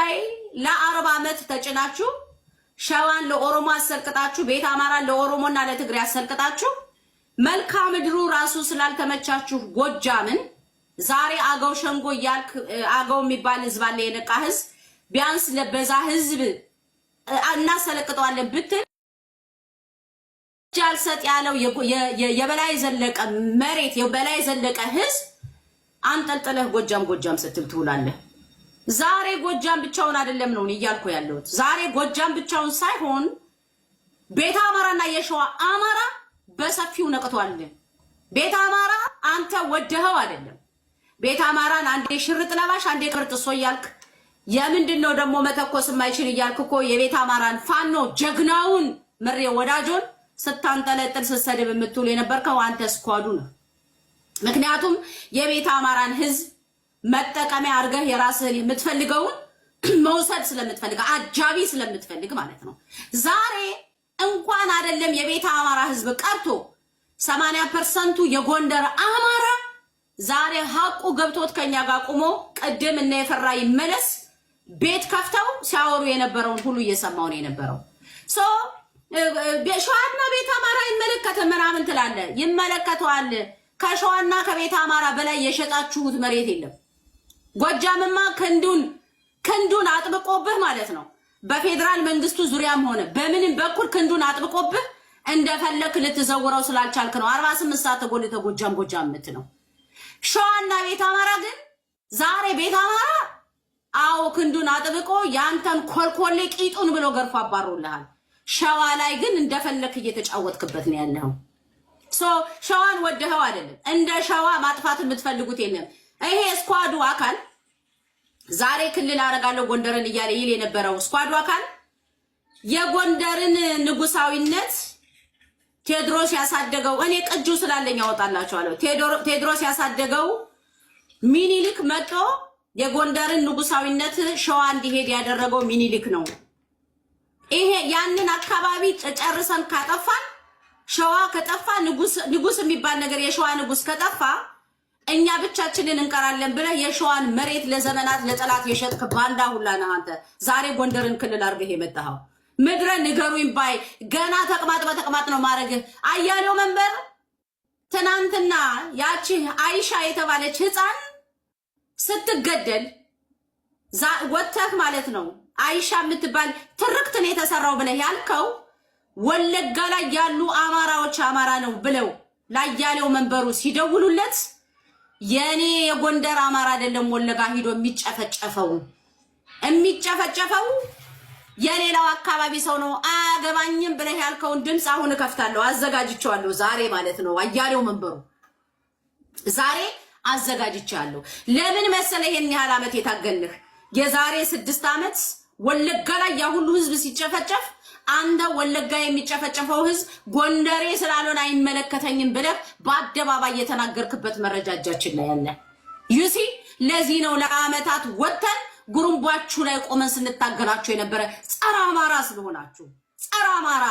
ላይ ለአርባ ዓመት ተጭናችሁ ሸዋን ለኦሮሞ አሰልቅጣችሁ ቤት አማራን ለኦሮሞና ለትግሬ አሰልቅጣችሁ መልካ ምድሩ ራሱ ስላልተመቻችሁ ጎጃምን ዛሬ አገው ሸንጎ እያልክ አገው የሚባል ህዝብ አለ፣ የነቃ ህዝብ። ቢያንስ ለበዛ ህዝብ እናሰለቅጠዋለን ብትል ጃልሰጥ ያለው የበላይ ዘለቀ መሬት የበላይ ዘለቀ ህዝብ አንጠልጥለህ ጎጃም ጎጃም ስትል ትውላለህ። ዛሬ ጎጃም ብቻውን አይደለም ነው እያልኩ ያለሁት። ዛሬ ጎጃም ብቻውን ሳይሆን ቤተ አማራና የሸዋ አማራ በሰፊው ነቅቷል። ቤተ አማራ አንተ ወደኸው አይደለም። ቤተ አማራን አንዴ ሽርጥ ለባሽ አንዴ ቅርጥሶ እያልክ የምንድን ነው ደግሞ መተኮስ የማይችል እያልክ እኮ የቤተ አማራን ፋኖ ጀግናውን ምሬ ወዳጆን ስታንጠለጥል ስትሰድብ የምትውል የነበርከው አንተ ስኳዱ ነው። ምክንያቱም የቤተ አማራን ህዝብ መጠቀሚያ አድርገህ የራስህን የምትፈልገውን መውሰድ ስለምትፈልግ አጃቢ ስለምትፈልግ ማለት ነው። ዛሬ እንኳን አይደለም የቤተ አማራ ህዝብ ቀርቶ ሰማንያ ፐርሰንቱ የጎንደር አማራ ዛሬ ሀቁ ገብቶት ከኛ ጋር ቁሞ ቅድም እና የፈራ ይመለስ ቤት ከፍተው ሲያወሩ የነበረውን ሁሉ እየሰማው ነው የነበረው። ሸዋና ቤት አማራ ይመለከተ ምናምን ትላለ። ይመለከተዋል። ከሸዋና ከቤት አማራ በላይ የሸጣችሁት መሬት የለም። ጎጃምማ ክንዱን ክንዱን አጥብቆብህ ማለት ነው። በፌዴራል መንግስቱ ዙሪያም ሆነ በምንም በኩል ክንዱን አጥብቆብህ እንደፈለክ ልትዘውረው ስላልቻልክ ነው። አርባ ስምንት ሰዓት ተጎጃም ጎጃም ጎጃም ነው። ሸዋና ቤት አማራ ግን ዛሬ ቤት አማራ አዎ ክንዱን አጥብቆ ያንተን ኮልኮሌ ቂጡን ብሎ ገርፎ አባሮልሃል። ሸዋ ላይ ግን እንደፈለክ እየተጫወትክበት ነው ያለው። ሸዋን ወደኸው አይደለም። እንደ ሸዋ ማጥፋት የምትፈልጉት የለም። ይሄ ስኳዱ አካል ዛሬ ክልል አደርጋለሁ ጎንደርን እያለ ይል የነበረው ስኳዱ አካል የጎንደርን ንጉሳዊነት ቴድሮስ ያሳደገው እኔ ቅጁ ስላለኝ ያወጣላቸዋለሁ። ቴድሮስ ያሳደገው ሚኒሊክ መጦ የጎንደርን ንጉሳዊነት ሸዋ እንዲሄድ ያደረገው ሚኒሊክ ነው። ይሄ ያንን አካባቢ ጨርሰን ካጠፋን ሸዋ ከጠፋ ንጉስ የሚባል ነገር የሸዋ ንጉስ ከጠፋ እኛ ብቻችንን እንቀራለን ብለህ የሸዋን መሬት ለዘመናት ለጠላት የሸጥክ ባንዳ ሁላ ነህ አንተ። ዛሬ ጎንደርን ክልል አድርገህ የመጣኸው ምድረ ንገሩኝ ባይ ገና ተቅማጥ በተቅማጥ ነው ማድረግህ። አያሌው መንበር ትናንትና ያቺ አይሻ የተባለች ህፃን ስትገደል ወተህ ማለት ነው አይሻ የምትባል ትርክትን የተሰራው ብለህ ያልከው ወለጋ ላይ ያሉ አማራዎች አማራ ነው ብለው ላያሌው መንበሩ ሲደውሉለት የእኔ የጎንደር አማራ አይደለም ወለጋ ሂዶ የሚጨፈጨፈው የሚጨፈጨፈው የሌላው አካባቢ ሰው ነው። አያገባኝም ብለህ ያልከውን ድምፅ አሁን እከፍታለሁ፣ አዘጋጅቼዋለሁ። ዛሬ ማለት ነው አያሌው መንበሩ ዛሬ አዘጋጅቼዋለሁ። ለምን መሰለ ይሄን ያህል ዓመት የታገልህ የዛሬ ስድስት ዓመት ወለጋ ላይ ያ ሁሉ ህዝብ ሲጨፈጨፍ አንተ ወለጋ የሚጨፈጨፈው ህዝብ ጎንደሬ ስላልሆነ አይመለከተኝም ብለህ በአደባባይ የተናገርክበት መረጃ እጃችን ላይ ያለ ዩሲ። ለዚህ ነው ለአመታት ወጥተን ጉሩምቧችሁ ላይ ቆመን ስንታገላችሁ የነበረ ጸረ አማራ ስለሆናችሁ ጸረ አማራ